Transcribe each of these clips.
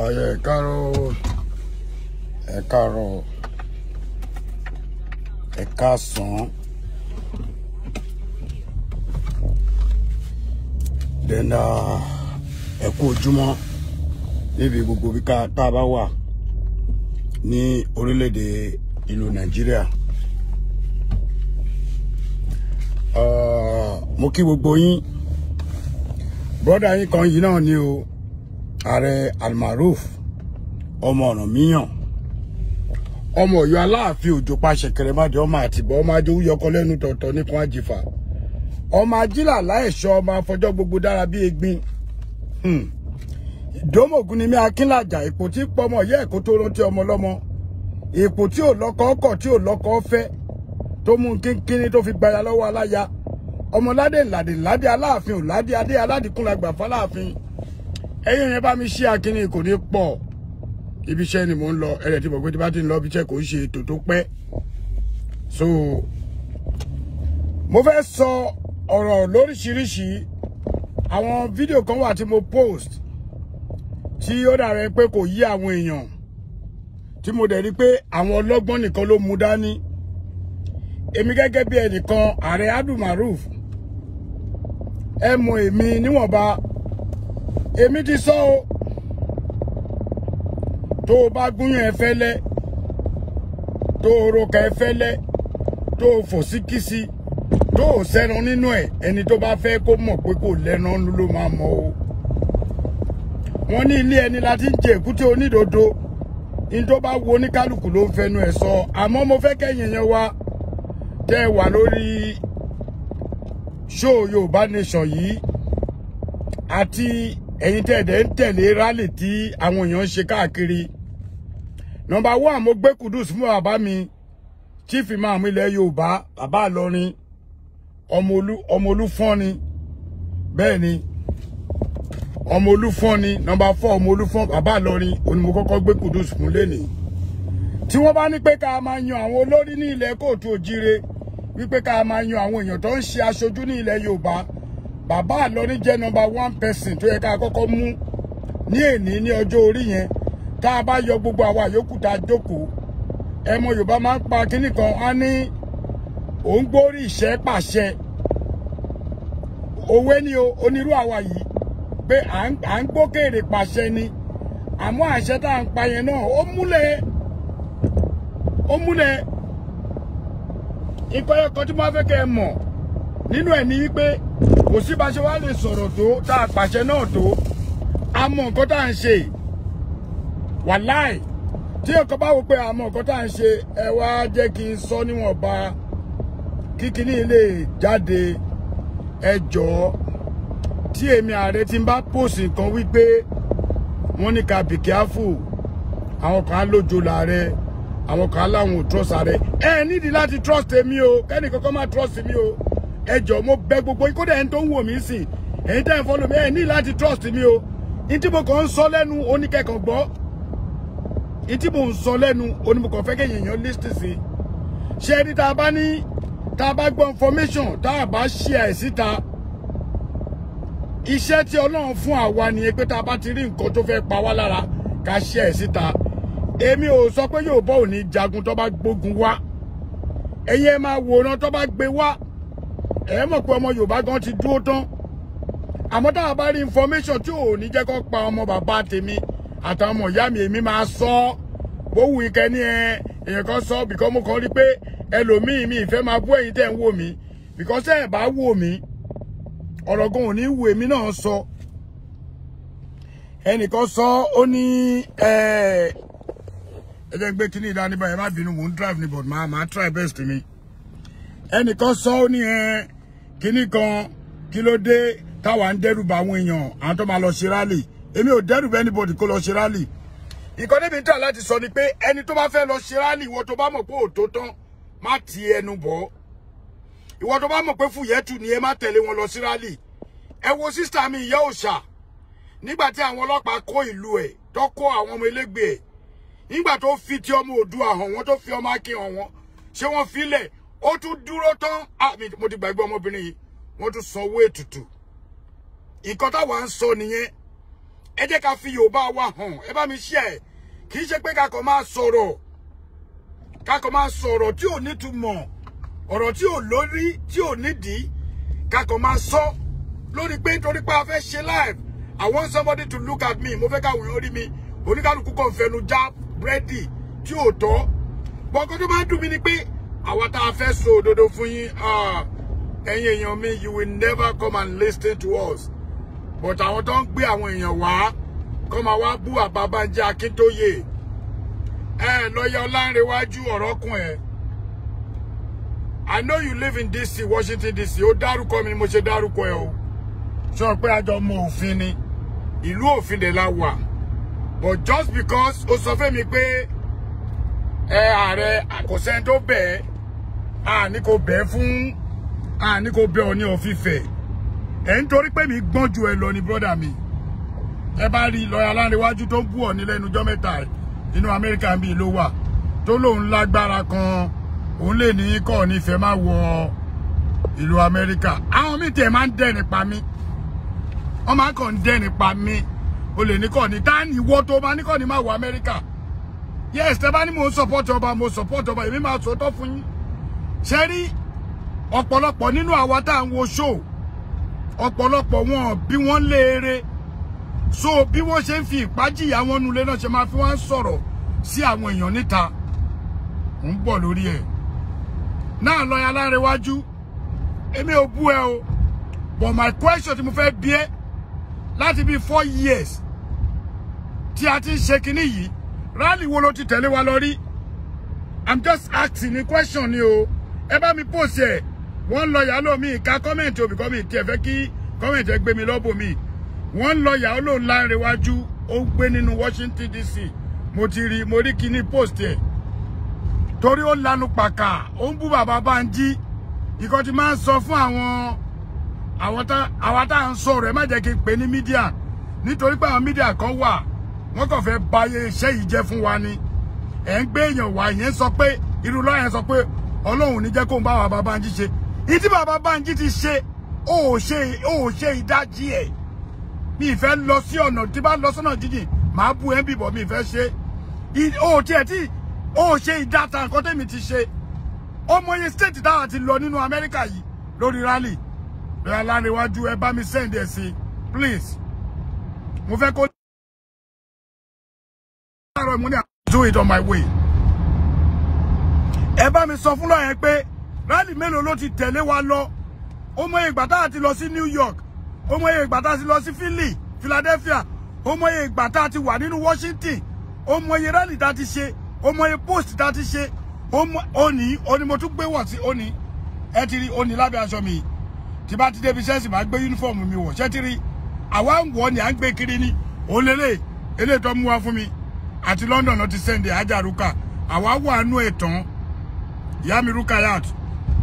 Aye, caro, ẹ̀kárọ̀ ẹ̀kásán. Then ẹ kú ojúmọ́ níbi gbogbo bí ká tá a bá wà ní orílẹ̀-èdè ìlú Nàìjíríà. Mo kí gbogbo yín. Brọ́dà yín kan yìí náà ni o. ààrẹ almaroof ọmọ Ọ̀rànmíyàn ọmọ Ọ̀yọ́ aláàfin òjò paṣẹ kẹrẹmàdé ọmọ àtìbọ ọmọ ajé òyọkọ lẹ́nu tọ̀tọ̀ nìkan àjìfà ọmọ ajílà láìṣọ ọmọ afọjọ́ gbogbo dara bi egbin hmm. ìdómògùn ni mí akínlàjà ipò tí pọmọ yẹ èkó tó rántí ọmọ lọ́mọ ipò tí ò lọ́kọ ọkọ tí ò lọ́kọ ọfẹ tó mú kínkínní tó fi gbaya lọ́wọ́ aláya ọmọládé ńládé ńládé aláàfin òládé adé aládìkúnlagbà fáláàfin. ẹ̀yin yẹn bá mi ṣí akínní kò ní pọ̀ ibi iṣẹ́ ni mò ń lọ ẹ̀rẹ̀ tí mo gbé tí bá ti ń lọ ibi iṣẹ́ kò ń ṣe ètò tó pẹ́ so mo fẹ́ sọ ọ̀rọ̀ lóríṣiríṣi àwọn fídíò kan wà tí mo post tí ó dàrẹ pé kò yí àwọn èèyàn tí mo dẹ̀ rí pé àwọn ọlọ́gbọ́n nìkan ló mú dání èmi gẹ́gẹ́ bí ẹnìkan ààrẹ Abdul ẹ mọ èmi níwọ̀nba èmi ti sọ o tó o bá gúnyàn to fẹ́lẹ́ tó o roka ẹ fẹ́lẹ́ tó o fò sí kìsì tó o sẹ́ran nínú ẹ̀ ẹni tó bá fẹ́ kó mọ̀ pé kò lẹ́ran ló máa mọ̀ o wọ́n ní ilé ẹni láti ń jẹ èkúté onídodo ní tó bá wo oníkálukú ló ń fẹnu ẹ̀ sọ àmọ́ mo fẹ́ kẹ́yìn yẹn wá tẹ́ ẹ wà lórí ṣóò Yorùbá nation yìí àti ẹ̀yin tẹ̀dẹ̀ ń tẹ̀lé rálì tí àwọn èèyàn ń ṣe káàkiri nọmba one mo gbé kudus fún bàbá mi chief imam ilẹ̀ yorùbá bàbá àlọrin ọmọ olúfọ́n ni bẹ́ẹ̀ ni ọmọ olúfọ́n nọmba four ọmọ olúfọ́n bàbá àlọrin òní kọ́kọ́ gbé kudus fún lénìí tí wọ́n bá ní pé ká máa yan àwọn olórí ní ilẹ̀ kóòtù òjire wípé ká máa yan àwọn èèyàn tó ń ṣe aṣojú ní ilẹ̀ yorùbá bàbá Ìlọrin jẹ́ number one person tó yẹ ká kọ́kọ́ mú ní èní ní ọjọ́ orí yẹn tá a bá yọ gbogbo àwa yòókù tá a jókòó ẹmọ Yorùbá máa ń pa kínní kan á ní òun gbórí ìṣẹ́ pàṣẹ òwe ni o onírú àwa yìí pé à ń gbókèrè pàṣẹ ni àmọ́ àṣẹ tá à ń pa yẹn náà ó múlẹ̀ ó múlẹ̀ ìkọyọkọ tí mo fẹ́ kẹ́ ẹ mọ̀ nínú ẹ̀ ni wípé kò sí bá ṣe wá lè sọ̀rọ̀ tó tá a pàṣẹ náà tó a mọ nǹkan tá à ń ṣe wàláì tí ẹ̀kọ́ bá wò pé a mọ nǹkan tá à ń ṣe ẹ wá jẹ́ kí n sọ níwọ̀nba kíkiní lè jáde ẹ jọ̀ọ́ tí èmi ààrẹ ti ń bá pòsì nǹkan wípé wọ́n ní ká be careful àwọn kan á lójo làárẹ̀ àwọn kan láwọn ò trust ààrẹ ẹ nídìí láti trust èmi o kẹ́nìkan kan má trust mi o ẹ jọ̀ọ́ mo bẹ̀ gbogbo yín kódà ẹni tó ń wò mí sìn ẹ̀yin tẹ́ ẹ̀ fọ́lọ́ mi ẹ̀ ní láti trust mi o ìtí mo kàn ń sọ lẹ́nu oníkẹ́kàn gbọ́ ìtí mo ń sọ lẹ́nu onímọ̀kàn fẹ́ kéèyàn yan list sí ṣé ẹni tá a bá ní tá a bá gbọ́ information tá a bá share ẹ̀ síta iṣẹ́ tí Ọlọ́run fún àwa nìyẹn pé tá a bá ti rí nǹkan tó fẹ́ pa wá lára ká share ẹ̀ síta èmi ò sọ pé yóò bọ́ òní jagun tó bá gbógun wá ẹ̀yin ẹ máa wòran tó bá gbé wá ẹ mọ̀ pé ọmọ Yorùbá gan ti dúró tán àmọ́ tá a bá rí information tí ò ní jẹ́ kó pa ọmọ bàbá tèmi àtàwọn ọmọ ìyá mi èmi máa sọ ọ́ bówù ike ní ẹ èèyàn kan sọ bìkọ́ mo kàn rí pé ẹlòmíì mi ìfẹ́ máa bú ẹ̀yin tẹ̀ ń wò mí bìkọ́ sẹ́ ẹ̀ bá wò mí ọ̀rọ̀ gan ò ní wù èmi náà sọ ẹnìkan sọ ó ní ẹ ẹ jẹ́ ń gbé kíní ìdánimọ̀ ẹ má bínú mò ń drive ní but màá màá try best mi ẹnìkan sọ ó ní ẹ kíní kan kí ló dé táwa ń dẹ́rùbà àwọn èèyàn àwọn tó máa lọ ṣe rálì èmi ò dẹ́rùbà anybody kó lọ ṣe rálì ìkan níbi tí a láti sọ ni pé ẹni tó bá fẹ́ lọ ṣe rálì ìwọ tó bá mọ̀ pé òótọ́ tán má ti ẹnu bọ̀ ìwọ tó bá mọ̀ pé fúyẹ́tù ni ẹ má tẹ̀lé wọn lọ sí rálì ẹ wo sísá mi ìyá òòṣà nígbà tí àwọn ọlọ́pàá kó ìlú ẹ̀ tó kó àwọn ọmọ elégbè ẹ̀ nígbà tó fi ti ọmọ Oòduà hàn wọ́n tó fi ọmọ Akin hàn wọ́n ṣé wọ́n filẹ̀ ó tún dúró tán àmì ah, mo ti gbàgbé ọmọbìnrin yìí wọ́n tún sanwó ètùtù nǹkan táwa ń sọ nìyẹn ẹ jẹ́ ká fi yorùbá wa hàn ẹ bá mi ṣe ẹ̀ kì í ṣe pé kakọ̀ máa sọ̀rọ̀ kakọ̀ máa sọ̀rọ̀ tí ò nítumọ̀ ọ̀rọ̀ tí ò lórí tí ò nídìí kakọ̀ máa sọ lórí pé nítorí pé a fẹ́ ṣe live I want somebody to look at me mo fẹ́ káwọn èèyàn rí mi oníkálukú kan fẹnu já búrẹ́dì tí ò tọ́ bọ́kọ́ tó máa ń dùn mí ni pé àwa tá a fẹ́ sọ òdodo fún èèyàn mi you will never come and listen to us but àwọn tó ń gbé àwọn èèyàn wá kọ́ máa wá bú àbábájá akíntóye ẹ lọ́yà ọlárẹ̀wájú ọ̀rọ̀kùn ẹ̀ I know you live in DC Washington DC ó dárúkọ mi mo ṣe dárúkọ ẹ o sọ pé àjọ mọ òfin ni ìlú òfin dẹ̀ la wà but just because ó sọ fẹ́mi pé ẹ ààrẹ kò sẹ́ni tó bẹ̀ẹ́ àní kò bẹ́ẹ̀ fún àní kò bẹ́ẹ̀ ọ ní ọ̀fífẹ́ ẹ̀ ń torí pé mi gbọ́n ju ẹ lọ ni brọ́dà mi ẹ bá rí lọ́ọ̀yà láńrewájú tó bú ọ̀ ní lẹ́nujọ́ mẹ́ta inú America bíi lo wa. tó lóun lágbára kan òun ni ní kọ́ nífẹ̀ẹ́ má wọ ìlú amẹ́ríkà àwọn míì tiẹ̀ máa ń dẹ̀ nípa mi wọ́n máa ń kàn ń dẹ̀ mi o lè ni kọ́ ni tá ní wọ́ tó ma ní kọ́ ní má wọ amẹ́ríkà yes tẹ́ bá ní mo support oba mo support oba èmi ma sọ tọ́ fún yín ṣe rí ọ̀pọ̀lọpọ̀ nínú àwa tá à ń wo ṣóò ọ̀pọ̀lọpọ̀ wọn bí wọ́n léere so bí wọ́n ṣe ń fi ìpájìyà wọn nulẹ̀ náà ṣe máa fi wọ́n sọ̀rọ̀ sí àwọn èèyàn níta ń bọ̀ lórí ẹ̀ náà lọ́ya Lárewájú èmi ò bú ẹ o but my question tí mo fẹ́ bí ẹ láti bíi four years tí a ti ń ṣe kinní yìí rálì wo ló ti tẹ̀lé wa lọ rí i'm just asking a question ni o ẹ bá mi post ẹ̀ wọ́n lọ yà ló mi ka comment o because mi tiẹ̀ fẹ́ kí comment ẹ gbé mi lọ́bọ̀ mi wọ́n lọ yà ó ó ń gbé nínú Washington DC mo ti rí mo rí kíní post ẹ̀ torí ó lanu pàkà ó ń bú bàbá Bánjí ìkọ́ ti máa ń sọ fún àwọn àwọn tá àwa tá à ń sọ̀rọ̀ ẹ má jẹ́ kí n pè ní mídíà nítorí pé àwọn mídíà kan wà wọ́n kàn fẹ́ bayé iṣẹ́ yìí jẹ́ fún wa ni ẹ̀ ń gbé èèyàn wá ìyẹn sọ pé irú lọ́yẹ̀ sọ pé ọlọ́run ní jẹ́ kó ń bá bàbá ń ṣe ìdí bàbá Bánjí ti ṣe ó ṣe ó ṣe ìdajì ẹ̀ mi ìfẹ́ lọ sí ọ̀nà tí bá lọ sọ́nà jíjìn màá bu ẹ̀ ń bìbọ̀ mi ìfẹ́ ṣe ó tiẹ̀ tí ó ṣe ìdáta nǹkan tẹ́mi ti ṣe ọmọ iye state táwa ti lọ nínú Amẹ́ríkà yìí lórí rally lọ́yà láríwájú ẹ bá mi send ẹ̀ sí please mo fẹ́ kó. do it on my way ẹ bá mi sọ fún lọ́yẹn pé rálì mélòó ló ti tẹ̀lé wa lọ ó mọye ìgbà ti lọ sí New York ó mọye ìgbà ti lọ sí Philly Philadelphia ó mọye ìgbà tá ti wà nínú Washington ó mọye rálì tá a ti ṣe ó mọye post tá a ti ṣe ó ní ó ní mo tún gbé wọ̀ sí ó ní ẹ ti rí ó ní lábẹ́ aṣọ mi tí bá ti débi sẹ́sì máa gbé yúnífọ̀mù mi wọ̀ ṣẹ́ ti rí àwa ń wọ̀ ni à ń gbé kiri ni ó eléyìí tó mú wá fún mi àti London ló ti sẹ́ndẹ̀ e, ajaruka àwa wà nú ẹ̀ ìyá mi Rukayat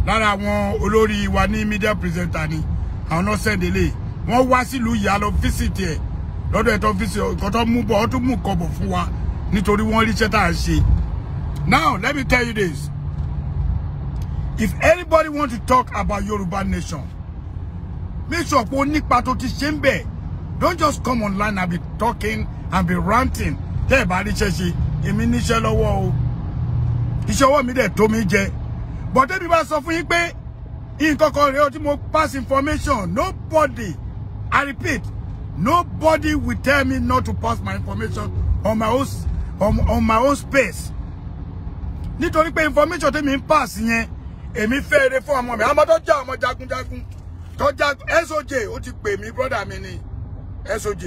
lára àwọn olórí wa ní media presenter ni àwọn náà sẹ́ndélé wọ́n wá sílùú ìyá lọ fíṣìtì ẹ̀ lọ́dọ̀ ẹ̀tọ́ fíṣìtì nǹkan tó mú bọ̀ ọ́ tún mú nǹkan bọ̀ fún wa nítorí wọ́n ríṣẹ́ tá à ń ṣe. Now let me tell you this if anybody want to talk about Yoruba nation make sure pé o nípa tó ti ṣe ń bẹ̀ don't just come online and be talking and be ranting tẹ́ ẹ̀ bá ríṣẹ́ ṣe èmi níṣẹ́ lọ́wọ́ o iṣẹ́ ọwọ́ mi dẹ̀ tó mi jẹ bọ̀dé mi bá sọ fún yín pé nǹkan kan rèé o tí mo pass information nobody I repeat nobody will tell me not to pass my information on my own on, on my own space nítorí pé information tèmi ń pass yẹn èmi fẹ́ eré fún ọmọ mi àmọ́ tó jẹ́ ọmọ jagunjagun tó jagun SOJ ó ti pè mí brother mi ni SOJ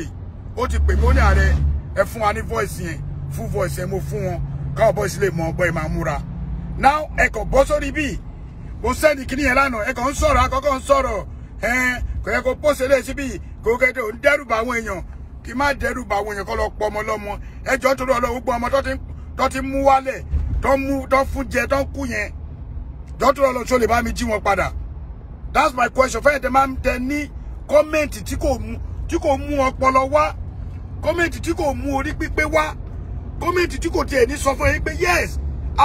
ó ti pè mí ó ní ààrẹ ẹ fún wa ní voice yẹn full voice yẹn mo fún wọn káwọn bọ́ọ̀sì lè mọ ọgbọ́n ẹ̀ máa múra ẹ kò bọ́ sórí bíi mo sẹ́ni kíní yẹn lánàá ẹ kò ń sọ̀rọ̀ akọ́kọ́ ń sọ̀rọ̀ ẹ̀ẹ́n kò yẹ kó pọ́sẹ̀ síbi kò kẹ́tẹ́ ò ń dẹ́rùbà àwọn èèyàn kí má dẹ́rùbà àwọn èèyàn kọ́ lọ pọ̀ ọmọ lọ́mọ ẹjọ́ torí ọlọ́wọ́ gbọ́ ọmọ tó ti mú wálẹ̀ tó mú tó fún jẹ tó kú yẹn jọ́ torí ọlọ́wọ́ tó lè bá mi jí wọn padà that's my question fẹ́ẹ̀ tẹ máa ń tẹ ní kọ́mẹ̀ntì tí kò mú ọpọlọ wá kọ́mẹ̀ntì tí kò mú orí pípé wá kọ́mẹ̀ntì tí kò tiẹ̀ ní sọ fún yín pé yes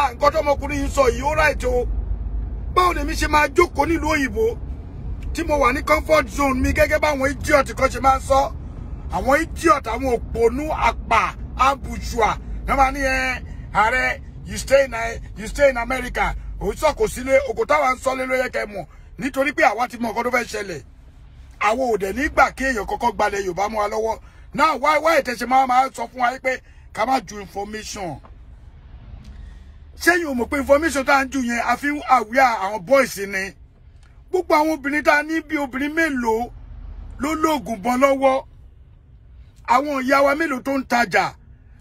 à nǹkan tọmọkùnrin yìí sọ yìí ó right o báwo lèmi ṣe máa jókòó nílùú òyìnbó tí mo wà ní comfort zone mi gẹ́gẹ́ báwọn idiot kan ṣe máa ń sọ àwọn idiot àwọn òpònú àpà abùjùà náà ní ẹ eh, ààrẹ you stay in you stay in America òun sọ kò sílé òkò táwa ń sọ lé ló yẹ kẹ́ mọ̀ nítorí pé àwa ti mọ nǹkan tó fẹ́ ṣẹlẹ̀ àwọn ò nígbà kí èèyàn kọ́kọ́ gbalẹ̀ Yorùbá mọ́ wa lọ́wọ́ náà wáyé tẹ̀sí máa máa sọ fún wa pé ká ju information sẹ́yìn ò mọ̀ pé information tá à ń jù yẹn a fi ń àwíyá boys ni gbogbo àwọn obìnrin tá a ní bí obìnrin mélòó ló lóògùn bọ́n lọ́wọ́ àwọn ìyá wa mélòó tó ntaja.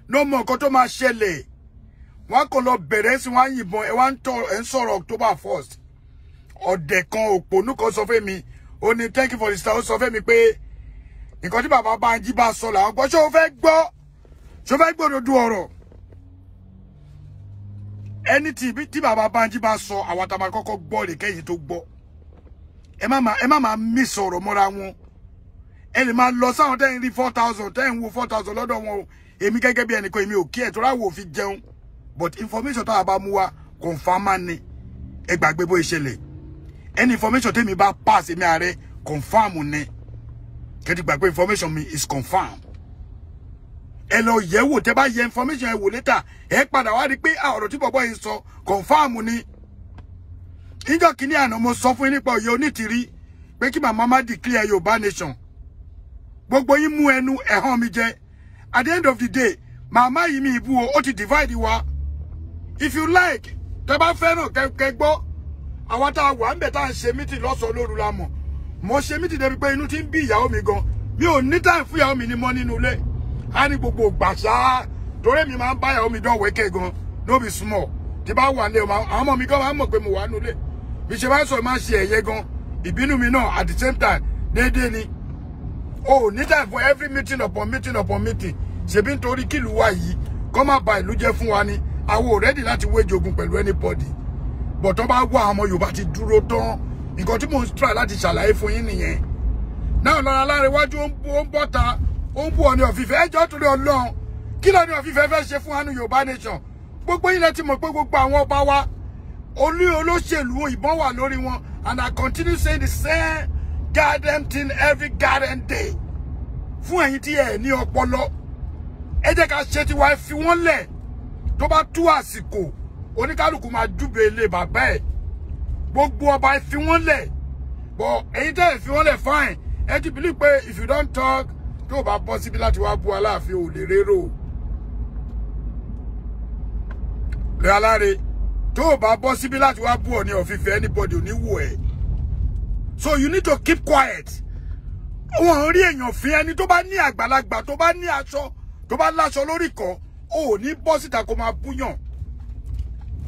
No mo mọ nǹkan tó máa ṣẹlẹ̀ wọ́n kàn lọ bẹ̀rẹ̀ sí wọ́n á yìnbọn ẹ wá ń sọ̀rọ̀ October first ọ̀dẹ̀ kan òpònú kan sọ fe mi ó ní thank you for the star ó sọ fún mi pé nǹkan tí ba Bánjí bá sọ làwọn gbọ́ ṣé o fẹ́ gbọ́ So fẹ́ gbòdodo ọ̀rọ̀ ẹni tí tí bàbá Bánjí bá sọ àwọn tá a máa kọ́kọ́ gbọ́ rè kẹ́yìn tó gbọ́ ẹ má máa ẹ má máa mí sọ̀rọ̀ mọ́ra wọn ẹ lè máa lọ sáwọn tẹ́yìn rí four thousand tẹ́yìn wo four thousand lọ́dọ̀ wọn o èmi gẹ́gẹ́ bí ẹnìkan èmi ò kí ẹ̀ tó fi jẹun but information táwa bá mú wa confirm ni ẹ gbàgbé bó ìṣẹ̀lẹ̀ ẹni information tèmi bá pass èmi ààrẹ confirm ni kẹ́ẹ̀dì gbàgbé information mi is confirmed ẹ lọ yẹ̀ wò bá yẹ information ẹ wò later ẹ padà wá rí pé ọ̀rọ̀ tí bọ̀bọ́ yìí sọ confirm ni níjọ́ kìíní àná mo sọ fún yín nípa òye onítìrí pé kí màmá má declare yorùbá nation gbogbo yín mú ẹnu ẹ̀hán mi jẹ at the end of the day màmá yìí mi ìbú o ó ti divide wa if you like tẹ́ bá fẹ́ràn kẹ́kẹ́ gbọ́ àwa tá a wà ń bẹ̀ tá a ṣe mítì lọ́sọ̀ọ́ lóru la mọ̀ mo ṣe mítì débi pé inú ti ń bí ìyàwó mi gan mi ò ní time fún ìyàwó mi ní mọ́ nínú ilé á ní gbogbo gbàṣá torí mi máa ń báyàwó mi dán wẹ́kẹ́ gan ló bí súnmọ́ tí bá wà lé àwọn ọmọ mi gan máa ń mọ̀ pé mo wà nulẹ̀ bí ṣe bá sọ máa ń ṣe ẹ̀yẹ gan ìbínú mi náà at the same time déédéé ni o ní time for every meeting upon meeting upon meeting ṣèbí nítorí kílù wa yìí kọ́ má ba ìlú jẹ́ fún wa ni àwọn ò rẹ́dì láti wé jogun pẹ̀lú anybody bọ̀tọ́ bá wá àwọn Yorùbá ti dúró tán nǹkan tí mò ń try láti ṣàlàyé fún yín nìyẹn náà lọ́ra láàrin iwájú ó ń bọ́ta ń bu ọ̀nì ọ̀fìfẹ́ ẹjọ́ torí ọlọ́run kí lọ́ni ọ̀fìfẹ́ fẹ́ ṣe fún hanu yorùbá nation gbogbo ilẹ̀ ti mọ̀ pé gbogbo àwọn ọba wa olú olóṣèlú ìbọn wà lórí wọn and I continue saying the same goddamn thing every goddamn day fún ẹ̀yin tí ẹ̀ ní ọpọlọ ẹ jẹ́ ká ṣe tiwa fi wọ́n lẹ̀ tó bá tú àsìkò oníkálukú máa júbe ilé bàbá ẹ̀ gbogbo ọba ẹ fi wọ́n lẹ̀ bọ̀ ẹ̀yin tẹ́ ẹ̀ fi wọ́n lẹ̀ fine ẹ ti believe pé if you don talk tó bá bọ́ láti wá bu aláàfin ò lè rérò rẹ aláre tó bá bọ́ láti wá bu ọ̀ní ọ̀fìfẹ́ anybody ò ní so you need to keep quiet wọn rí èèyàn fi ẹni tó bá ní àgbàlagbà tó bá ní aṣọ tó bá láṣọ lórí kọ ò ní bọ́ síta kó máa búyàn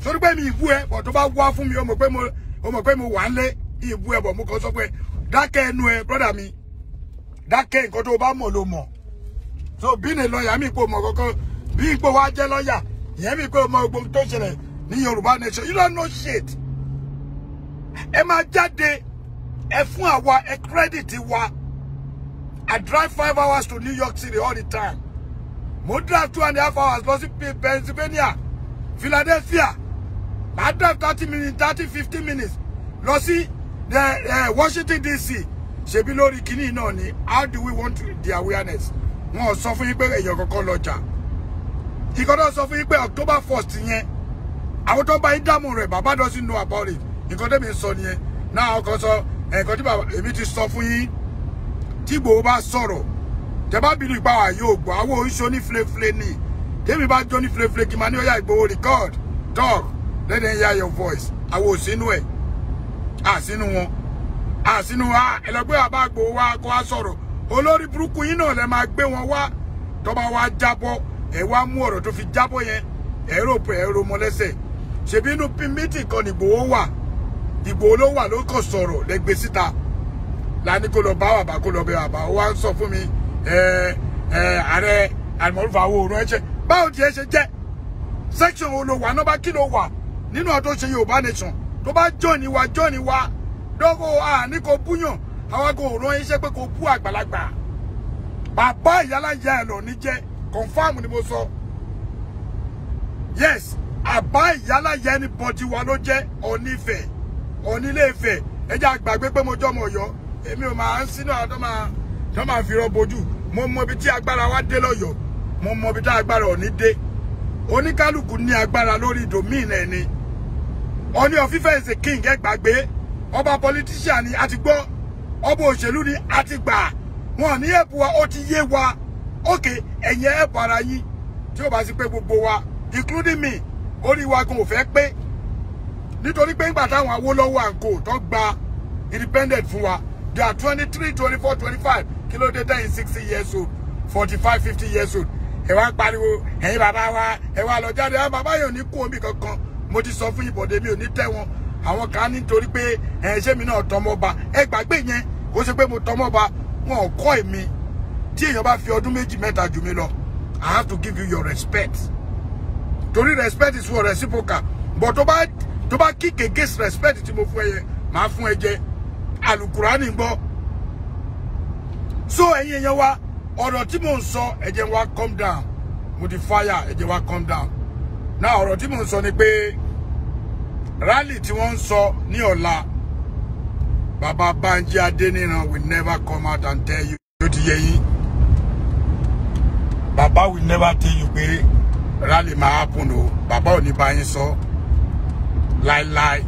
sórí pé mi ìbú ẹ bọ̀ tó bá wá fún mi ó mọ̀ pé mo wà ń lé ìbú ẹ bọ̀ mo kàn sọ pé dákẹ́ ẹnu ẹ brọ́dà mi dákẹ́ nǹkan tó bá mọ̀ ló mọ̀ so bí ní lọ́ọ̀yà mi kò mọ̀ kankan bí ipò wa jẹ́ lọ́ọ̀yà ìyẹn mi kò mọ̀ gbogbo tó ṣẹlẹ̀ ní Yorùbá nation you don't know shit ẹ máa jáde ẹ fún àwa ẹ credit wa I drive five hours to New York City all the time mo drive two and a half hours lọ sí Pennsylvania Philadelphia I drive thirty minutes thirty fifteen minutes lọ sí eh, eh, Washington DC ṣebí lórí kinní náà ni how do we want the awareness wọn ò sọ fún yín pé èèyàn kankan lọ́jà ìkọ́dọ̀ sọ fún yín October first yẹn àwọn tó ń bá yín dààmú Baba bàbá doesn't know about it nǹkan tẹ́mi sọ nìyẹn náà ọkọ sọ ẹ̀kan tí bàbá èmi ti sọ fún yín tí gbòó bá sọ̀rọ̀ tẹ́bá bínú ìpáwà yóò gbọ́ àwọn oníṣó ní flefle ni tẹ́mi bá jó ní flefle kí n máa ní ọ̀yà Ìgbòho record talk let them hear your voice àwọn òsínú Ah, àsínú wọn àsínú wa ẹlẹgbẹ́ àbágbò wa kó wa sọ̀rọ̀ olórí burúkú yín náà lẹ máa gbé wọn wá tó bá wa jábọ́ ẹ wá mú ọ̀rọ̀ tó fi jábọ́ yẹn ẹ rò ẹ rò mọ́ lẹ́sẹ̀ inú pimiti kan nìgbòho wà ìgbòho ló wà ló kàn sọ̀rọ̀ lẹ́gbẹ́ síta lani kó lọ bá wàbá kó lọ bẹ wàbá ó wá ń sọ fún mi ààrẹ àmọ́lùfà wo òórùn ẹ̀ṣẹ̀ báwo tiẹ̀ ṣe jẹ́ section wo ló wà nọ́bà kí ló wà nínú ọdún ṣe Yorùbá nation tó bá jọ́ ni wa jọ́ ni wa dọ́wọ́ àní kò búyàn àwa kò rán iṣẹ́ pé kò bú àgbàlagbà bàbá ìyálàyà ẹ̀ lọ ní jẹ́ confam ni mo sọ yes àbá ìyálàyà anybody wa ló jẹ́ Ọ̀nífẹ̀ Ọ̀nílé-Ifẹ̀ ẹ jẹ́ àgbàgbé pé mo jọmọ Ọ̀yọ́ èmi ò máa ń sínú àwọn máa tó máa fi rọ mo mọ ibi tí agbára wa dé lọ́yọ̀ọ́ mo mọ ibi tí agbára Ọ̀ní dé oníkálukú ní agbára lórí domain ẹni Ọ̀ní of Ife is a king ẹ gbàgbé ọba politician ni a ti gbọ́ ọba òṣèlú ni a ti gbà wọn ní ẹ̀bù wa ó ti yé wa òkè ẹ̀yìn ẹ̀bù ara yín tí ó bá sí pé gbogbo wa including me orí wa gan ò fẹ́ pé nítorí pé ńgbà táwọn Awólọ́wọ̀ àǹkó tó gba independent fún wa they are twenty three twenty four twenty five kí ló dé sixty years old forty five fifty years old ẹ wá ń pariwo ẹ̀yin bàbá wa ẹ wá lọ jáde àwọn ah, bàbá yìí ní kú omi kankan mo ti sọ fún ìbọ̀dé mi ò ní tẹ́ wọn àwọn kan nítorí pé ẹ̀ṣẹ́ mi náà tọmọ ẹ gbàgbé yẹn kó ṣe pé mo tọmọ wọn kọ́ èmi tí èèyàn bá fi ọdún méjì mẹ́ta jù mí lọ I have to give you your respect torí respect is for reciprocal but tó bá tó bá kick against respect tí mo fún ẹ yẹn màá fún ẹ jẹ alukurani gbọ́ so ẹ̀yin èèyàn wa ọ̀rọ̀ tí mò ń sọ ẹ wa calm down mo ti fire ẹ wa calm down now ọ̀rọ̀ tí mò ń sọ ni pé rally tí wọ́n ń sọ ní ọ̀la bàbá Banji Adéníran will never come out and tell you yóò ti yẹ yín bàbá will never tell you pé rally máa happen o bàbá ò ní bá yín sọ láéláé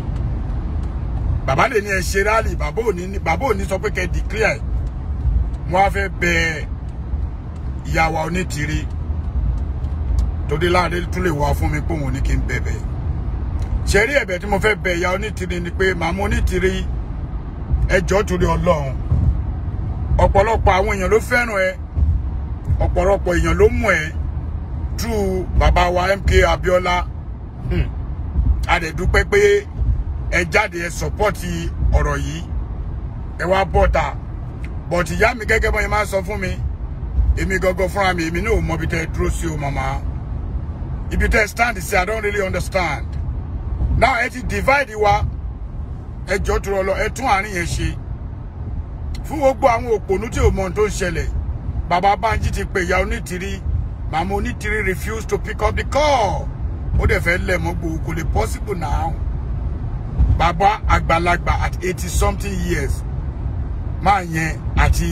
bàbá lè ní ẹ ṣe rally bàbá ò ní bàbá ò ní sọ pé kẹ́ declare wọ́n á fẹ́ bẹ ìyá wa onítìrí torí láàrin tún lè wá fún mi pé òun ní kí n bẹ̀bẹ̀ ṣe rí ẹ̀bẹ̀ tí mo fẹ́ bẹ̀ ìyá onítìrí ni pé màmá onítìrí ẹjọ́ torí ọlọ́run ọ̀pọ̀lọpọ̀ àwọn èèyàn ló fẹ́ràn ẹ ọ̀pọ̀lọpọ̀ èèyàn ló mọ̀ ẹ́ tú bàbá wa MK Abiola hmm. a dẹ̀ dúpẹ́ pé ẹ jáde ẹ sọ́pọ́ọ̀tì ọ̀rọ̀ yìí ẹ wá bọ́ta bọ̀tì ìyá mi gẹ́gẹ́ bọ́ yẹn máa sọ fún mi èmi gọ́gọ́ fúnra mi èmi náà mọ ibi tẹ́ dúró sí o màmá ibi tẹ́ stand sí I don't really understand now ẹ ti divide wa ẹ jọ tó rọ lọ ẹ tún àárín yẹn ṣe fún gbogbo àwọn òpònú tí ò mọ ohun tó ń ṣẹlẹ̀ ti pè ìyá onítìrí màmá onítìrí refuse to pick up the call ó dẹ̀ fẹ́ lẹ̀ mọ́ gbòó kò lè possible now Baba Agbalagba at eighty something years máa yẹn àti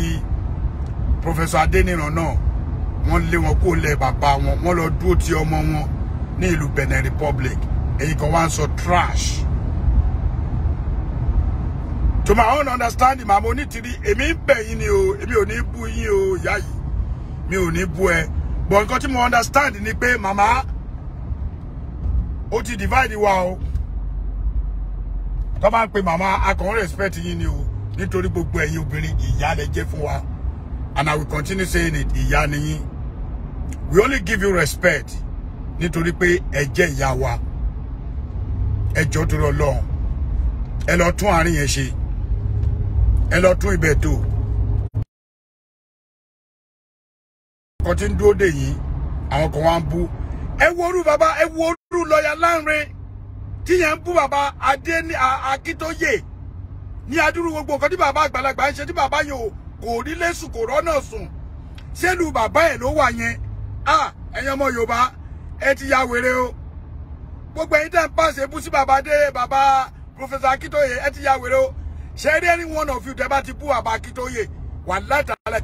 professor Adéníran náà wọ́n lé wọn kó lẹ̀ Baba, wọn wọ́n lọ dúró ti ọmọ wọn ní ìlú Benin Republic And you wá ń so trash. to my own understanding my money to ń bẹ̀ yín ni o èmi ò ní bú you, yai, ìyá yìí mi ò ní but nǹkan to understand ni pay mama, ó ti divide the o Come bá ń mama, I can kàn ń respect yín ni o nítorí gbogbo ẹ̀yin obìnrin ìyá lẹ jẹ́ fún and I will continue saying it ìyá ni we only give you respect nítorí pé ẹ jẹ́ yawa ẹ jọ̀ọ́ torí Ọlọ́run ẹ lọ tún àárín yẹn ṣe ẹ lọ tún ibẹ̀ tó ọkọ tí ń dúró dè yín àwọn kan wá ń bú ẹ wo orú bàbá ẹ wo orú lọ́ọ̀yà Lanre tí yẹn ń bú bàbá adé ní Akíntóyè ní adúrú gbogbo nǹkan tí bàbá àgbàlagbà ń ṣe tí bàbá yẹn kò rí lẹ́sùn kò rọ́nà sùn ṣé bàbá ẹ̀ ló wà yẹn ẹ̀yin ọmọ Yorùbá ẹ ti ya wèrè o gbogbo ẹ̀yin tẹ́ ń pàṣẹ bú sí bàbá dé bàbá Professor Akitoye ẹ ti ya wèrè o ṣe rí any one of you tẹ́ bá ti bú bàbá Akitoye wà látàlẹ́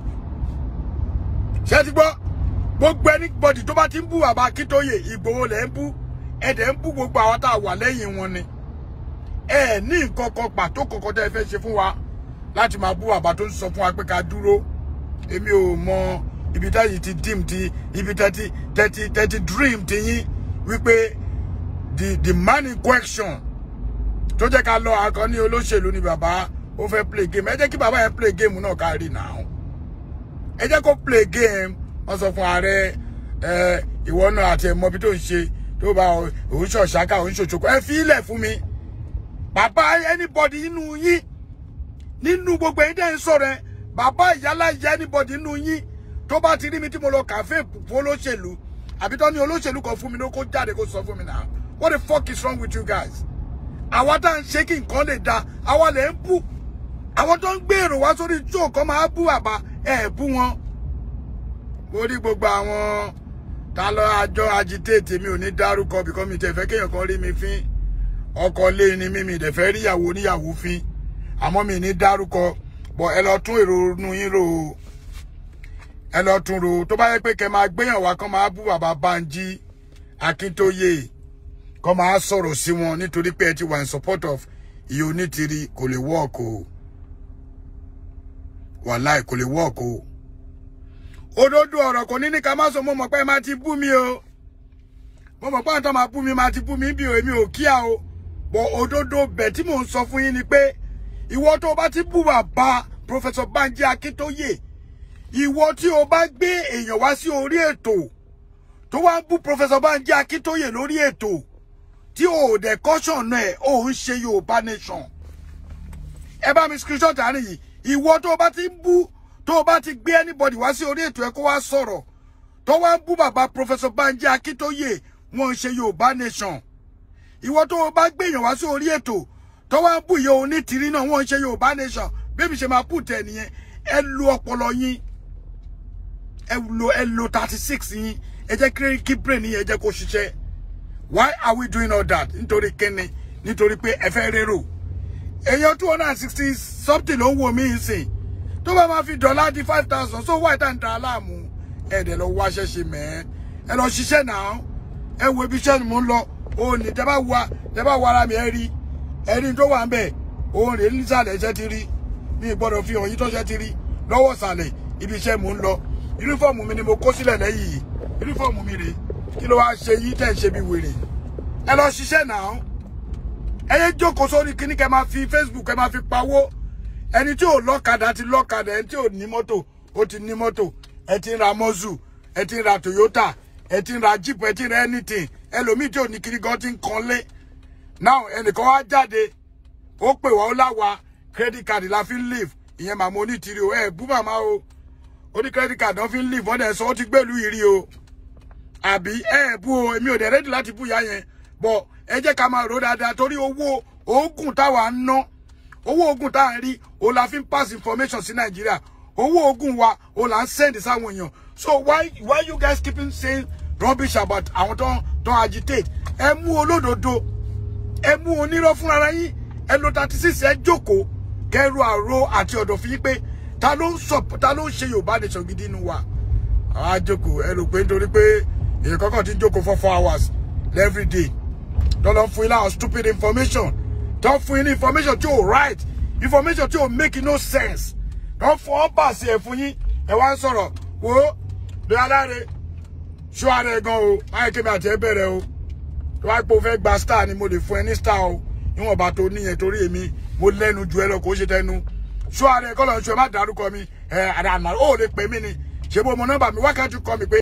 ṣe ti gbọ́ gbogbo anybody tó bá ti ń bú bàbá Akitoye Ìgbòho lẹ́ ń bú ẹ ń bú gbogbo àwọn tá a wà lẹ́yìn wọn ni ẹ ní nǹkan kan pàtó kọ̀ọ̀kan tẹ́ ẹ fẹ́ ṣe fún wa láti máa bú bàbá tó ń sọ fún wa pé ká dúró èmi ò mọ ibi táyì ti dim ti ibi tẹ́tí tẹ́tí tẹ́tí dream ti yín wípé the the man in question tó jẹ́ ká lọ akọ ní olóṣèlú ni bàbá ó fẹ́ play game ẹ jẹ́ kí bàbá yẹn play game náà ká rí now ẹ jẹ́ kó play game wọ́n sọ fún ààrẹ ẹ ìwọ náà àti ẹ̀mọ́ bí tó ń ṣe tó bá òun ṣọ̀ṣáká òun ṣòṣòkò ẹ fi ilẹ̀ fún mi bàbá anybody nínú yín nínú gbogbo ẹ̀yin dẹ́n sọ̀rọ̀ ẹ bàbá ìyálà ìyá anybody nínú yín tó bá ti rí mi tí mo lọ kàfé fún olóṣèlú àbí tó ní olóṣèlú kan fún mi ló kó jáde kó sọ fún mi náà. What the fuck is wrong with you guys? Àwa tá ń ṣe kí nǹkan lè da, àwa lè ń bú. Àwọn tó ń gbèrò wá sórí show kan máa bú bàbá ẹ̀ bú wọn. Mo rí gbogbo àwọn ta lọ àjọ agitate mi ò ní dárúkọ because mi tẹ̀ fẹ́ kéèyàn kan rí mi fín. Ọkọ lé ni mímì ìdẹ̀fẹ́ ríyàwó oníyàwó fín. Àmọ́ mi ní dárúkọ bọ̀ ẹ lọ tún èrò inú yín rò ó ẹ lọ tún rò ó tó bá yẹ pé kẹ máa gbéyàn wá kán máa bú bàbá Banji Akíntóyè kọ́ máa sọ̀rọ̀ sí wọn nítorí pé ẹ ti support of unity onítìrí kò lè work o wàláì kò lè work o òdodo ọ̀rọ̀ kò ní ní ká má pumi mo mọ̀ pé má ti bú mi o mo mọ̀ pé àwọn tó máa bú mi má ti bú mi bí o èmi ò kíá o bọ̀ òdodo bẹ̀ tí mò ń sọ fún yín ni pé ìwọ Professor Banji Akíntóyè ìwọ tí o bá gbé èèyàn wá sí Professor Banji Akíntóyè lórí tí o ò caution náà ò ń ṣe yorùbá nation ẹ bá mi screenshot àárín yìí ìwọ to o ti ń bú tó ti gbé anybody wá sí orí ètò ẹ kó wá sọ̀rọ̀ tó wá ń bú professor Banji Akitoye, wọn ń ṣe yorùbá nation ìwọ tó o bá gbèyàn wá sí orí ètò tó wá ń bú ìyá onítìrí náà wọn ń ṣe nation bébí ṣe máa pùtẹ nìyẹn ẹ lo ọpọlọ yín ẹ lo ẹ lo thirty six yín ẹ jẹ́ kí brain yín ẹ jẹ́ kó ṣiṣẹ́ why are we doing all that nítorí kíni nítorí pé ẹ fẹ́ rérò èèyàn two hundred and sixty something ló ń wò mí ìsìn tó bá máa fi dọ́là di five thousand so why tá n ta aláàmú ẹ dẹ̀ lọ wá ṣẹ́ṣe mẹ́ẹ́ ẹ lọ ṣiṣẹ́ náà ẹ wo ibi iṣẹ́ ni mò ń lọ òun ní tẹ́ bá wa tẹ́ bá wa ara mi ẹ rí ẹ rí tó wà ń bẹ̀ òun rèé nísàlẹ̀ iṣẹ́ ti rí mi gbọ́dọ̀ fi hàn yín tó ṣẹ́ ti rí lọ́wọ́ sàlẹ̀ ibi iṣẹ́ mò ń lọ yúnífọ̀mù mi ni mo kó sílẹ̀ lẹ́yìn yìí mi rèé kí ló wá ṣe yìí tẹ̀ ṣe bí wèrè ẹ lọ ṣiṣẹ́ náà ẹ yé jókòó sórí kíní kẹ máa fi Facebook ẹ máa fi pawó ẹni tí ò lọ́kadà ti lọ́kadà ẹni tí ò ní mọ́tò ó ti ní mọ́tò ẹ ti ń ra mọ́zù ẹ ti ń ra Toyota ẹ ti ń ra Jeep ẹ ti ń ra anything ẹlòmíì tí ò ní kiri gan ti ń kan lé now ẹnìkan wá jáde ó pè wá ó láwa credit card la fi ń live ìyẹn màmá onítìrí o ẹ bú màmá o ó ní credit card náà fi ń live wọ́n dẹ̀ sọ ó ti gbèlú ìrí o àbí ẹ bú o èmi ò dẹ̀ rẹ́dì láti bú ìyá yẹn bọ̀ ẹ jẹ́ ká máa rò dáadáa torí owó oògùn táwa ń ná owó oògùn tá à ń rí o la fi ń pass information sí nàìjíríà owó oògùn wa o la ń send sáwọn èèyàn so why why you guys keeping saying rubbish about àwọn tó ń tó ń agitate ẹ mú olódodo ẹ mú onírọ́ fúnra yín ẹ lo thirty six ẹ jókòó kẹrù àrò àti ọ̀dọ̀ fi yín pé ta ló ń sọ ta ló ń ṣe yorùbá nation gidi nu wa àwa ẹ rò pé nítorí pé You kankan ti ń jókòó for four hours every day Don't fún out stupid information Don't fún in information tí right information tí make no sense Don't fọ́ bàṣẹ ẹ̀ fún yín ẹ̀ one ń sọ̀rọ̀ wo bí aláre ṣó Show ẹ̀ gan o máyé kébì àti ẹ̀ bẹ̀rẹ̀ o tó bá pò fẹ́ gba star ni mo lè fún ẹ ní me. o níwọ̀nba tó níyẹn torí èmi mo lẹ́nu ju ẹ lọ kó ṣe tẹnu ṣó ara call kọ́ lọ́n ṣe má dárúkọ mi ẹ̀ àdàmà ó lè pè mí me? ṣé bó mo nọ́mbà mi wákàtí kọ́ mi pé.